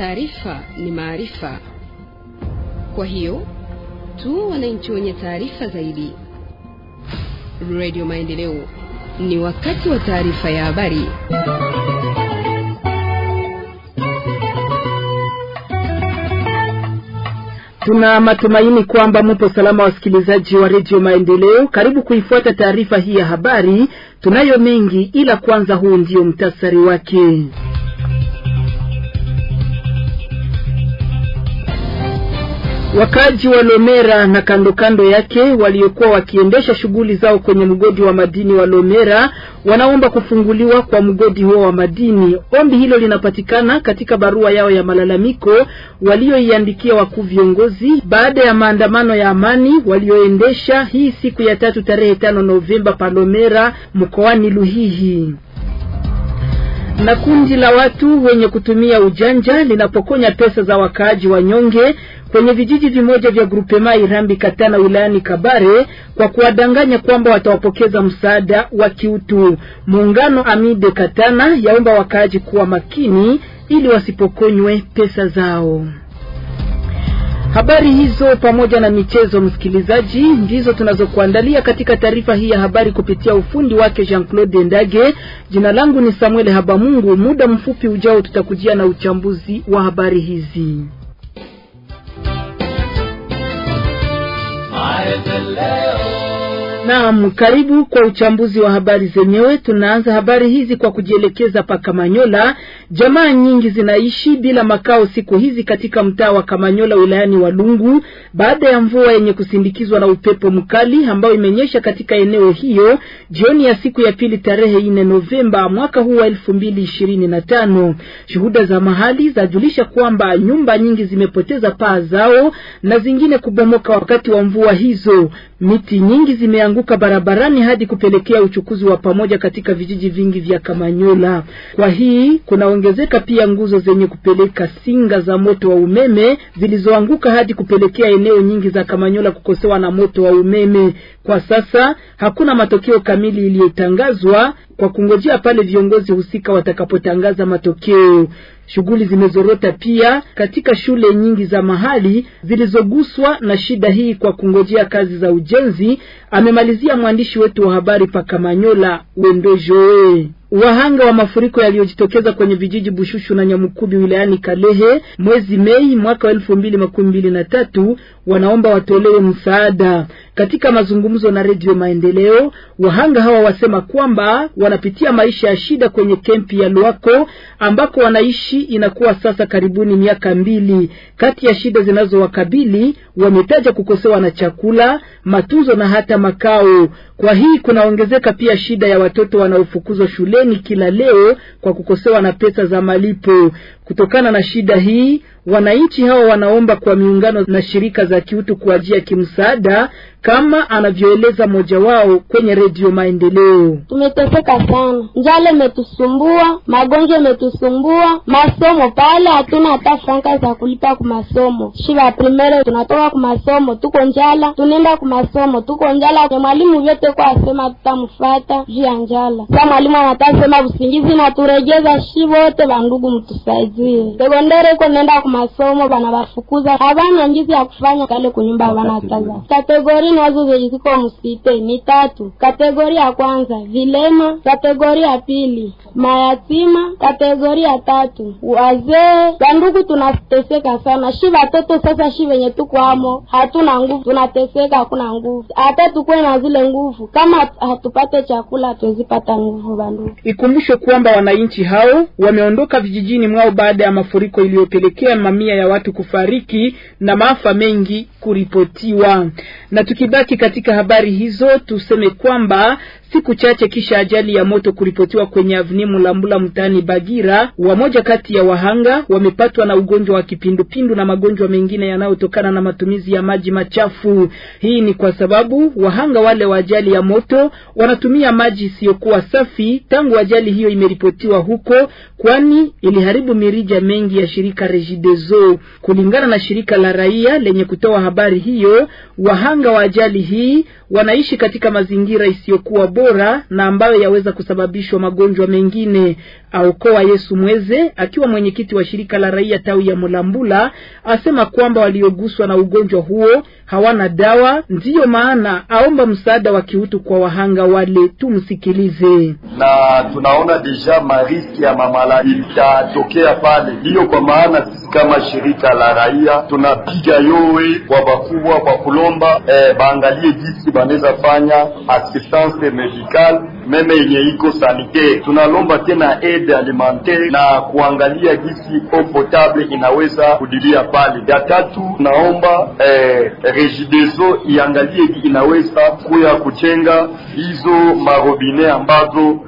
taarifa ni maarifa. Kwa hiyo tu wananchi wenye taarifa zaidi. Radio Maendeleo, ni wakati wa taarifa ya habari. Tuna matumaini kwamba mupo salama, wasikilizaji wa redio Maendeleo. Karibu kuifuata taarifa hii ya habari, tunayo mengi, ila kwanza huu ndio mtasari wake. Wakaaji wa Lomera na kando kando yake waliokuwa wakiendesha shughuli zao kwenye mgodi wa madini wa Lomera wanaomba kufunguliwa kwa mgodi huo wa madini. Ombi hilo linapatikana katika barua yao ya malalamiko walioiandikia wakuu viongozi baada ya maandamano ya amani walioendesha hii siku ya tatu tarehe tano Novemba pa Lomera mkoani Luhihi na kundi la watu wenye kutumia ujanja linapokonya pesa za wakaaji wanyonge kwenye vijiji vimoja vya grupema Irambi Katana wilayani Kabare kwa kuwadanganya kwamba watawapokeza msaada wa kiutu. Muungano Amide Katana yaomba wakaaji kuwa makini ili wasipokonywe pesa zao. Habari hizo pamoja na michezo, msikilizaji, ndizo tunazokuandalia katika taarifa hii ya habari kupitia ufundi wake Jean-Claude Ndage. Jina langu ni Samuel Habamungu. Muda mfupi ujao tutakujia na uchambuzi wa habari hizi. leo Naam, karibu kwa uchambuzi wa habari zenyewe. Tunaanza habari hizi kwa kujielekeza pa Kamanyola. Jamaa nyingi zinaishi bila makao siku hizi katika mtaa wa Kamanyola wilayani Walungu baada ya mvua yenye kusindikizwa na upepo mkali ambayo imenyesha katika eneo hiyo jioni ya siku ya pili tarehe nne Novemba mwaka huu wa elfu mbili ishirini na tano. Shuhuda za mahali zajulisha kwamba nyumba nyingi zimepoteza paa zao na zingine kubomoka wakati wa mvua hizo. Miti nyingi zimeanguka barabarani hadi kupelekea uchukuzi wa pamoja katika vijiji vingi vya Kamanyola. Kwa hii kunaongezeka pia nguzo zenye kupeleka singa za moto wa umeme zilizoanguka hadi kupelekea eneo nyingi za Kamanyola kukosewa na moto wa umeme. Kwa sasa hakuna matokeo kamili iliyotangazwa kwa kungojea pale viongozi husika watakapotangaza matokeo. Shughuli zimezorota pia katika shule nyingi za mahali zilizoguswa na shida hii kwa kungojea kazi za ujenzi, amemalizia mwandishi wetu wa habari Pakamanyola Wendo Joe. Wahanga wa mafuriko yaliyojitokeza kwenye vijiji Bushushu na Nyamukubi wilayani Kalehe mwezi Mei mwaka wa elfu mbili makumi mbili na tatu wanaomba watolewe msaada. Katika mazungumzo na Redio Maendeleo, wahanga hawa wasema kwamba wanapitia maisha ya shida kwenye kempi ya Luako ambako wanaishi inakuwa sasa karibuni miaka mbili. Kati ya shida zinazowakabili wametaja kukosewa na chakula, matunzo na hata makao. Kwa hii kunaongezeka pia shida ya watoto wanaofukuzwa shuleni kila leo kwa kukosewa na pesa za malipo. Kutokana na shida hii Wananchi hao wanaomba kwa miungano na shirika za kiutu kwa ajili ya kimsaada, kama anavyoeleza mmoja wao kwenye redio Maendeleo. Tumeteseka sana, njala imetusumbua, magonjwa imetusumbua, masomo pale hatuna hata franka za kulipa ku masomo shiva primero, tunatoka ku masomo tuko njala, tunaenda ku masomo tuko njala. Mwalimu vyote kwa asema tutamfuata juu ya njala. Sa mwalimu anatasema usingizi na turejeza, shi vote vandugu, mtusaidie sekondari iko naenda ku masomo banabafukuza habana ngizi ya kufanya kale kunyumba bana kaza kategori nazo zenye ziko msite ni tatu kategori ya kwanza vilema kategori ya pili mayatima kategori ya tatu wazee bandugu tunateseka sana shi batoto sasa shi venye tukwamo hatuna nguvu tunateseka hakuna nguvu hata tukuwe na zile nguvu kama hatupate chakula hatuwezipata nguvu bandugu ikumbushwe kwamba wananchi hao wameondoka vijijini mwao baada ya mafuriko iliyopelekea mamia ya watu kufariki na maafa mengi kuripotiwa. Na tukibaki katika habari hizo, tuseme kwamba Siku chache kisha ajali ya moto kuripotiwa kwenye avni Mulambula mtaani Bagira, wamoja kati ya wahanga wamepatwa na ugonjwa wa kipindupindu na magonjwa mengine yanayotokana na matumizi ya maji machafu. Hii ni kwa sababu wahanga wale wa ajali ya moto wanatumia maji isiyokuwa safi tangu ajali hiyo imeripotiwa huko, kwani iliharibu mirija mengi ya shirika Regideso. Kulingana na shirika la raia lenye kutoa habari hiyo, wahanga wa ajali hii wanaishi katika mazingira isiyokuwa bora na ambayo yaweza kusababishwa magonjwa mengine. Aokoa Yesu Mweze akiwa mwenyekiti wa shirika la raia tawi ya Mulambula asema kwamba walioguswa na ugonjwa huo hawana dawa, ndiyo maana aomba msaada wa kiutu kwa wahanga wale. Tumsikilize. na tunaona deja mariski ya mamala itatokea pale, hiyo kwa maana sisi kama shirika la raia tunapiga yowe kwa bakubwa kwa kulomba eh, baangalie jinsi banaweza fanya assistance surgical meme yenye iko sanitaire. Tunalomba tena aide alimentaire na kuangalia gisi eau potable inaweza kudilia pale. Ya tatu naomba eh, Regideso iangalie inaweza kuya kuchenga hizo marobine ambazo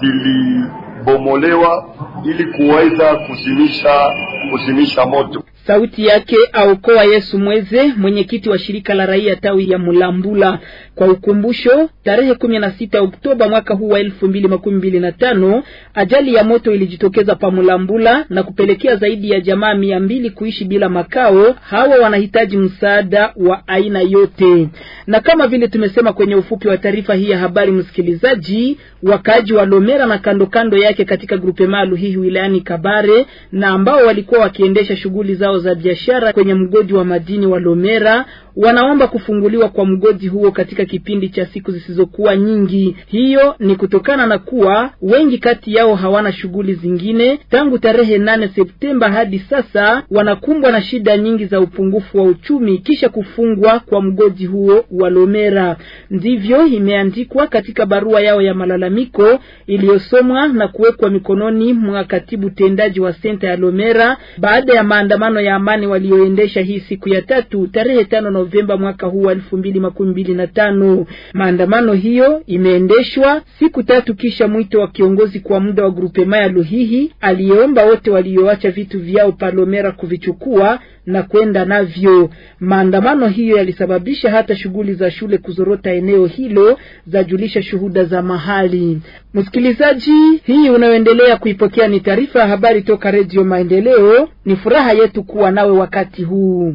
zilibomolewa ili kuweza kuzimisha kuzimisha moto. Sauti yake aokoa Yesu Mweze, mwenyekiti wa shirika la raia tawi ya Mulambula, kwa ukumbusho, tarehe 16 Oktoba mwaka huu wa 2025 ajali ya moto ilijitokeza pa Mulambula na kupelekea zaidi ya jamaa mia mbili kuishi bila makao. Hawa wanahitaji msaada wa aina yote, na kama vile tumesema kwenye ufupi wa taarifa hii ya habari, msikilizaji, wakaaji wa Lomera na kando kando yake katika grupe malu hii wilayani Kabare na ambao walikuwa wakiendesha shughuli zao za biashara kwenye mgodi wa madini wa Lomera wanaomba kufunguliwa kwa mgodi huo katika kipindi cha siku zisizokuwa nyingi. Hiyo ni kutokana na kuwa wengi kati yao hawana shughuli zingine. Tangu tarehe nane Septemba hadi sasa wanakumbwa na shida nyingi za upungufu wa uchumi kisha kufungwa kwa mgodi huo wa Lomera. Ndivyo imeandikwa katika barua yao ya malalamiko iliyosomwa na kuwekwa mikononi mwa katibu tendaji wa senta ya Lomera baada ya maandamano ya amani walioendesha hii siku ya tatu tarehe tano Novemba mwaka huu elfu mbili makumi mbili na tano. Maandamano hiyo imeendeshwa siku tatu kisha mwito wa kiongozi kwa muda wa grupe maya Luhihi aliyeomba wote walioacha vitu vyao Palomera kuvichukua na kwenda navyo. Maandamano hiyo yalisababisha hata shughuli za shule kuzorota eneo hilo, zajulisha shuhuda za mahali. Msikilizaji, hii unayoendelea kuipokea ni taarifa ya habari toka Redio Maendeleo. Ni furaha yetu kuwa nawe wakati huu.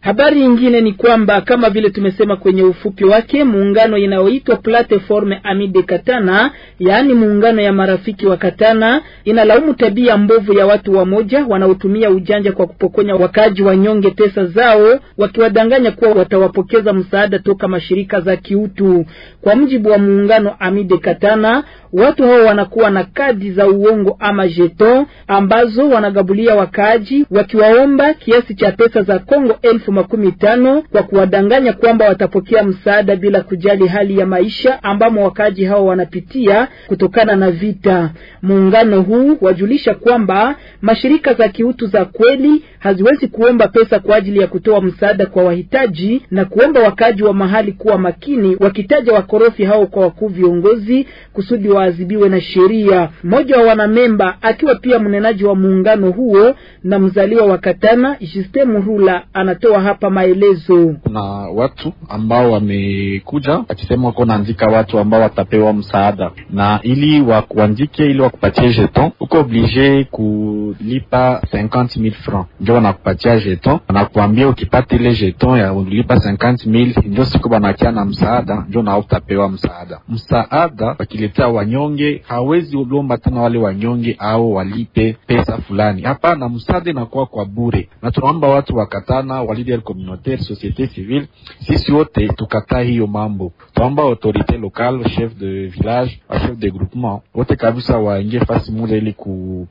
Habari nyingine ni kwamba kama vile tumesema kwenye ufupi wake, muungano inayoitwa Plateforme Amide Katana, yaani muungano ya marafiki wa Katana, inalaumu tabia mbovu ya watu wamoja wanaotumia ujanja kwa kupokonya wakaji wanyonge pesa zao, wakiwadanganya kuwa watawapokeza msaada toka mashirika za kiutu. Kwa mjibu wa muungano Amide Katana, watu hao wanakuwa na kadi za uongo ama jeton ambazo wanagabulia wakaji wakiwaomba kiasi cha pesa za Kongo elfu elfu makumi tano kwa kuwadanganya kwamba watapokea msaada bila kujali hali ya maisha ambamo wakaji hao wanapitia kutokana na vita. Muungano huu wajulisha kwamba mashirika za kiutu za kweli haziwezi kuomba pesa kwa ajili ya kutoa msaada kwa wahitaji na kuomba wakaji wa mahali kuwa makini, wakitaja wakorofi hao kwa wakuu viongozi kusudi waadhibiwe na sheria. Mmoja wa wanamemba akiwa pia mnenaji wa muungano huo na mzaliwa wa Katana Justin Murula anatoa anatoa hapa maelezo. Kuna watu ambao wamekuja akisema wako naandika watu ambao watapewa msaada, na ili wakuandike, ili wakupatie jeton, uko oblige kulipa 50000 francs, ndio wanakupatia jeton. Wanakuambia ukipata ile jeton ya ulipa 50000 ndio siku wanakia na msaada, ndio na utapewa msaada. Msaada wakiletea wanyonge, hawezi ulomba tena wale wanyonge au walipe pesa fulani. Hapana, msaada inakuwa kwa bure, na tunaomba watu wakatana wali leader communautaire, société civile. Sisi wote tukataa hiyo mambo, tuomba autorite locale, chef de village, chef de groupement wote kabisa waingie fasi moja, ili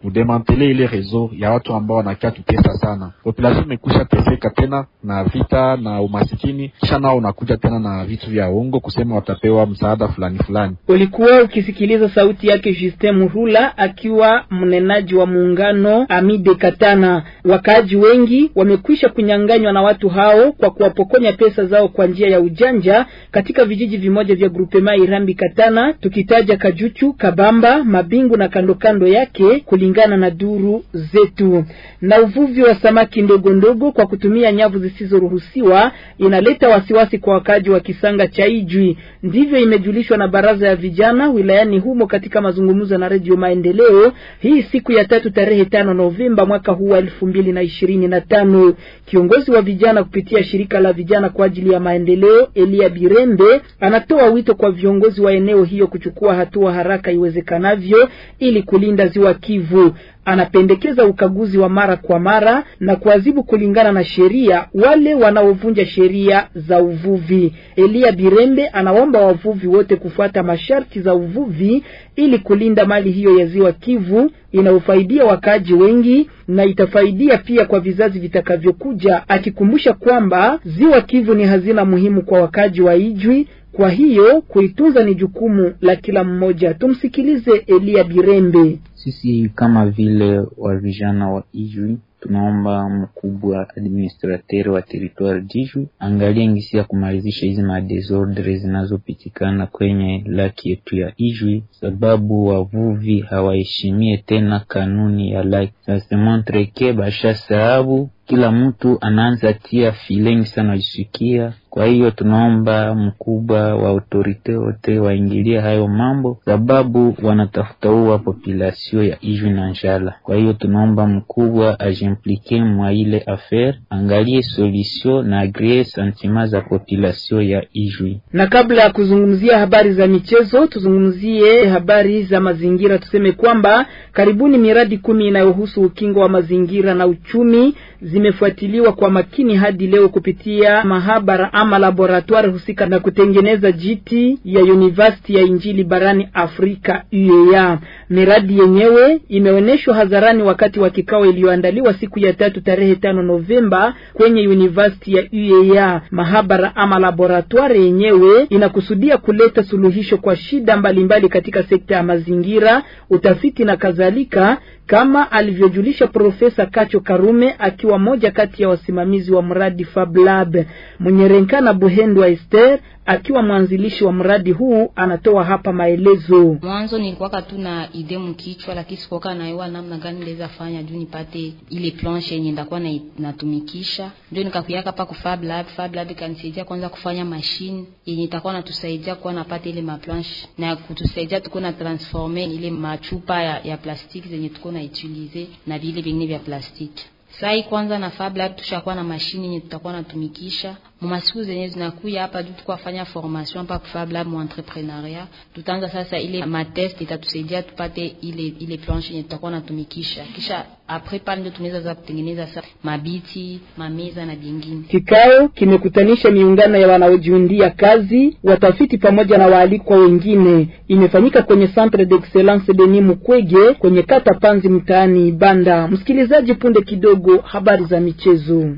kudemantele ile rezo ya watu ambao wanakia tutesa sana. Population imekusha teseka tena na vita na umasikini, kisha nao unakuja tena na vitu vya uongo kusema watapewa msaada fulani fulani. Ulikuwa ukisikiliza sauti yake Justin Murula akiwa mnenaji wa muungano Amide Katana. Wakaaji wengi wamekwisha kunyang'anywa na watu hao kwa kuwapokonya pesa zao kwa njia ya ujanja katika vijiji vimoja vya grupema Irambi Katana, tukitaja Kajuchu, Kabamba, Mabingu na kando kando yake, kulingana na duru zetu. Na uvuvi wa samaki ndogo ndogo kwa kutumia nyavu zisizoruhusiwa inaleta wasiwasi kwa wakaji wa Kisanga cha Ijwi, ndivyo imejulishwa na baraza ya vijana wilayani humo katika mazungumzo na Redio Maendeleo hii siku ya tatu tarehe tano Novemba mwaka huu wa elfu mbili na ishirini na tano. Kiongozi wa vijana vijana kupitia shirika la vijana kwa ajili ya maendeleo Elia birembe anatoa wito kwa viongozi wa eneo hiyo kuchukua hatua haraka iwezekanavyo ili kulinda ziwa Kivu anapendekeza ukaguzi wa mara kwa mara na kuadhibu kulingana na sheria wale wanaovunja sheria za uvuvi. Elia Birembe anaomba wavuvi wote kufuata masharti za uvuvi ili kulinda mali hiyo ya Ziwa Kivu inayofaidia wakaaji wengi na itafaidia pia kwa vizazi vitakavyokuja, akikumbusha kwamba Ziwa Kivu ni hazina muhimu kwa wakaaji wa Ijwi. Kwa hiyo kuitunza ni jukumu la kila mmoja. Tumsikilize Elia Birembe sisi kama vile wa vijana wa Ijwi tunaomba mkubwa administrateur wa territoire diju angalie ngisi ya kumalizisha hizi madesordre zinazopitikana kwenye laki yetu ya Ijwi, sababu wavuvi hawaheshimie tena kanuni ya laki. Sasemontreke basha sababu kila mtu anaanza tia filengi sana jisikia. Kwa hiyo tunaomba mkubwa wa autorite wote waingilie hayo mambo, sababu wanatafuta uwa populasio ya Ijwi na njala. Kwa hiyo tunaomba mkubwa ajimplike mwa ile affaire, angalie solution na agree santima za populasio ya Ijwi. Na kabla ya kuzungumzia habari za michezo, tuzungumzie habari za mazingira. Tuseme kwamba karibuni miradi kumi inayohusu ukingo wa mazingira na uchumi zi zimefuatiliwa kwa makini hadi leo kupitia mahabara ama laboratoire husika na kutengeneza jiti ya University ya Injili barani Afrika UEA. Miradi yenyewe imeonyeshwa hadharani wakati wa kikao iliyoandaliwa siku ya tatu tarehe tano Novemba kwenye University ya UEA. Mahabara ama laboratoire yenyewe inakusudia kuleta suluhisho kwa shida mbalimbali mbali katika sekta ya mazingira, utafiti na kadhalika kama alivyojulisha Profesa Kacho Karume akiwa moja kati ya wasimamizi wa mradi Fablab. Mwenyerenkana Buhendwa ester akiwa mwanzilishi wa mradi huu anatoa hapa maelezo. Mwanzo nilikuwa tuna ide mkichwa, lakini sikuwa naiwa namna gani ndeza fanya juu nipate ile planche yenye ndakuwa na natumikisha, ndio nikakuyaka hapa ku Fab Lab. Fab Lab kanisaidia kwanza kufanya mashine yenye itakuwa natusaidia kuwa napate ile maplanche na kutusaidia tuko na transforme ile machupa ya, ya plastiki zenye tuko na utilize na vile vingine vya plastiki. Sai kwanza na Fab Lab tushakuwa na mashine yenye tutakuwa natumikisha mumasiku zenye zinakuya hapa tu tukwafanya formation hapa kufab lab mu entrepreneuria. Tutaanza sasa ile matest itatusaidia tupate ile ile planche yenye tutakuwa natumikisha, kisha apres pale ndio tunaweza za kutengeneza sasa mabiti, mameza na vingine. Kikao kimekutanisha miungano ya wanaojiundia kazi, watafiti pamoja na waalikwa wengine. Imefanyika kwenye Centre d'Excellence Denis Mukwege kwenye kata Panzi mtaani Banda. Msikilizaji, punde kidogo habari za michezo.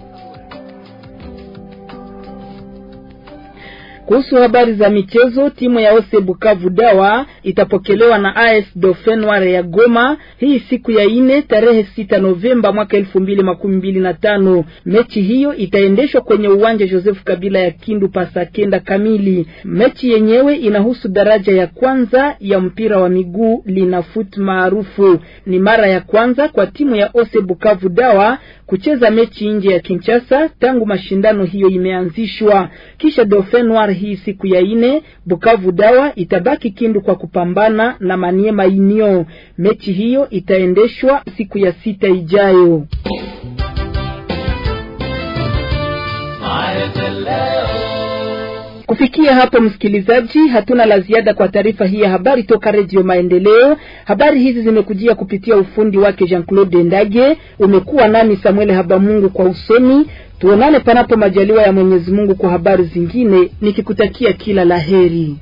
Kuhusu habari za michezo, timu ya Ose Bukavu Dawa itapokelewa na AS Dofenware ya Goma hii siku ya ine tarehe sita Novemba mwaka elfu mbili makumi mbili na tano. Mechi hiyo itaendeshwa kwenye uwanja Joseph Kabila ya Kindu pasakenda kamili. Mechi yenyewe inahusu daraja ya kwanza ya mpira wa miguu linafut maarufu. Ni mara ya kwanza kwa timu ya Ose Bukavu Dawa kucheza mechi nje ya Kinshasa tangu mashindano hiyo imeanzishwa kisha Dofenware hii siku ya ine, Bukavu Dawa itabaki Kindu kwa kupambana na Maniema Union. Mechi hiyo itaendeshwa siku ya sita ijayo. Kufikia hapo, msikilizaji, hatuna la ziada kwa taarifa hii ya habari toka Redio Maendeleo. Habari hizi zimekujia kupitia ufundi wake Jean Claude Ndage. Umekuwa nami Samuel Habamungu kwa usomi. Tuonane panapo majaliwa ya Mwenyezi Mungu kwa habari zingine, nikikutakia kila la heri.